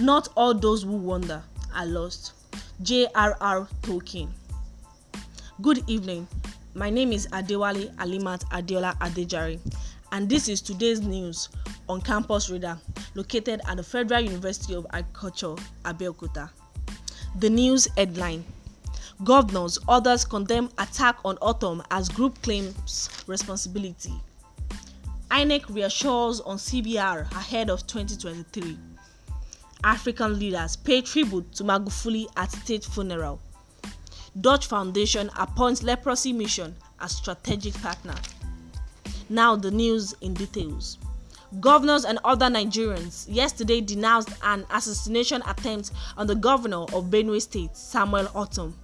Not all those who wander are lost. J.R.R. Tolkien. Good evening. My name is Adewale Alimat Adeola Adejari, and this is today's news on Campus Reader, located at the Federal University of Agriculture, Abeokuta. The news headline Governors, others condemn attack on autumn as group claims responsibility. INEC reassures on CBR ahead of 2023. African leaders pay tribute to Magufuli at state funeral. Dutch Foundation appoints Leprosy Mission as strategic partner. Now the news in details. Governors and other Nigerians yesterday denounced an assassination attempt on the governor of Benue State, Samuel Autumn.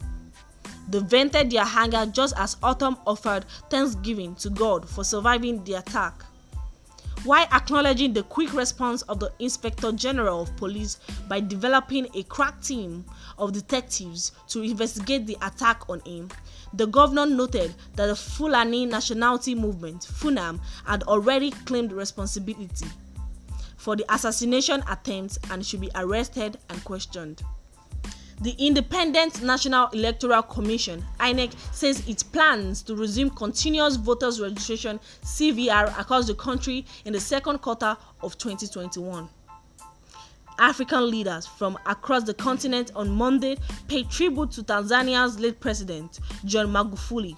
They vented their anger just as Autumn offered thanksgiving to God for surviving the attack while acknowledging the quick response of the Inspector General of Police by developing a crack team of detectives to investigate the attack on him. The governor noted that the Fulani Nationality Movement, FUNAM, had already claimed responsibility for the assassination attempt and should be arrested and questioned. The Independent National Electoral Commission (INEC) says it plans to resume continuous voters registration (CVR) across the country in the second quarter of 2021. African leaders from across the continent on Monday paid tribute to Tanzania's late president John Magufuli,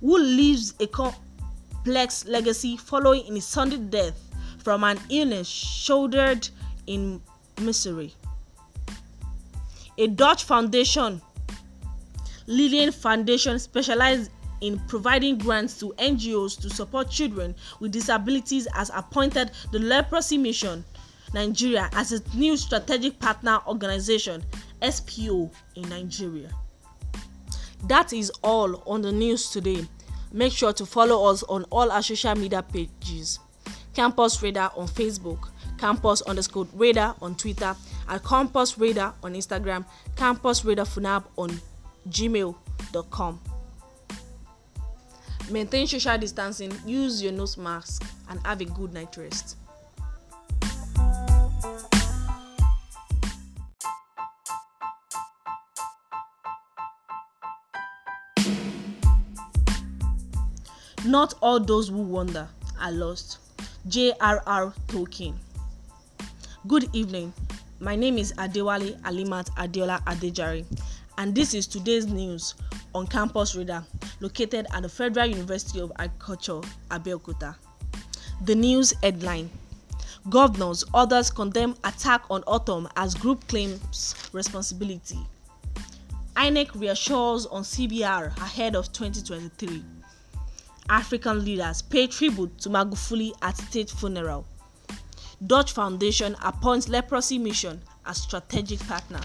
who leaves a complex legacy following his sudden death from an illness shouldered in misery a Dutch foundation, Lillian Foundation, specialized in providing grants to NGOs to support children with disabilities, has appointed the Leprosy Mission Nigeria as its new strategic partner organization, SPO, in Nigeria. That is all on the news today. Make sure to follow us on all our social media pages. Campus Radar on Facebook, Campus underscore Radar on Twitter, at Campus Radar on Instagram, Campus Radar Funab on gmail.com. Maintain social distancing, use your nose mask, and have a good night rest. Not all those who wander are lost. J.R.R. Tolkien. Good evening. My name is Adewale Alimat Adeola Adejari, and this is today's news on Campus Reader, located at the Federal University of Agriculture, Abeokuta. The news headline Governors, others condemn attack on autumn as group claims responsibility. INEC reassures on CBR ahead of 2023. African leaders pay tribute to Magufuli at state funeral. Dutch Foundation appoints Leprosy Mission as strategic partner.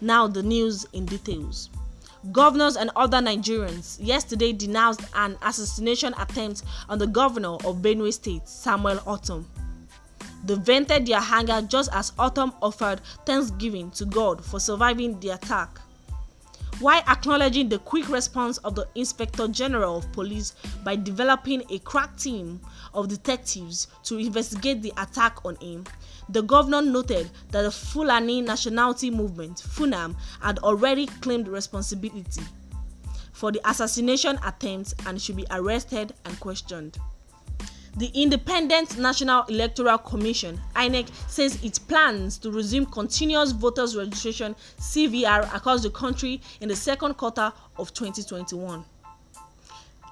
Now the news in details. Governors and other Nigerians yesterday denounced an assassination attempt on the governor of Benue State, Samuel Autumn. They vented their anger just as Autumn offered thanksgiving to God for surviving the attack while acknowledging the quick response of the Inspector General of Police by developing a crack team of detectives to investigate the attack on him. The governor noted that the Fulani Nationality Movement, FUNAM, had already claimed responsibility for the assassination attempt and should be arrested and questioned. The Independent National Electoral Commission (INEC) says it plans to resume continuous voters registration (CVR) across the country in the second quarter of 2021.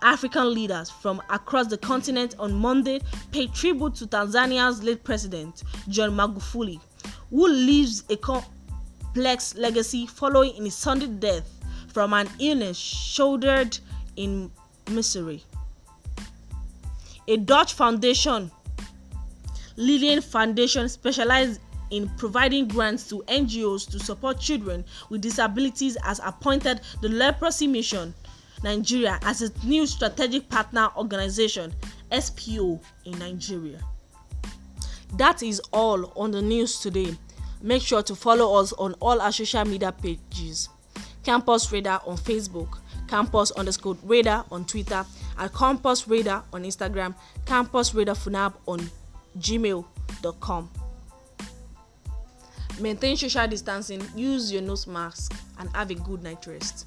African leaders from across the continent on Monday paid tribute to Tanzania's late president John Magufuli, who leaves a complex legacy following his sudden death from an illness shouldered in Missouri. a Dutch foundation, Lilian Foundation, specializes in providing grants to NGOs to support children with disabilities, has appointed the Leprosy Mission Nigeria as its new strategic partner organization, SPO, in Nigeria. That is all on the news today. Make sure to follow us on all our social media pages. Campus Radar on Facebook, Campus underscore Radar on Twitter, at Campus Radar on Instagram, Campus Radar Funab on gmail.com. Maintain social distancing, use your nose mask, and have a good night rest.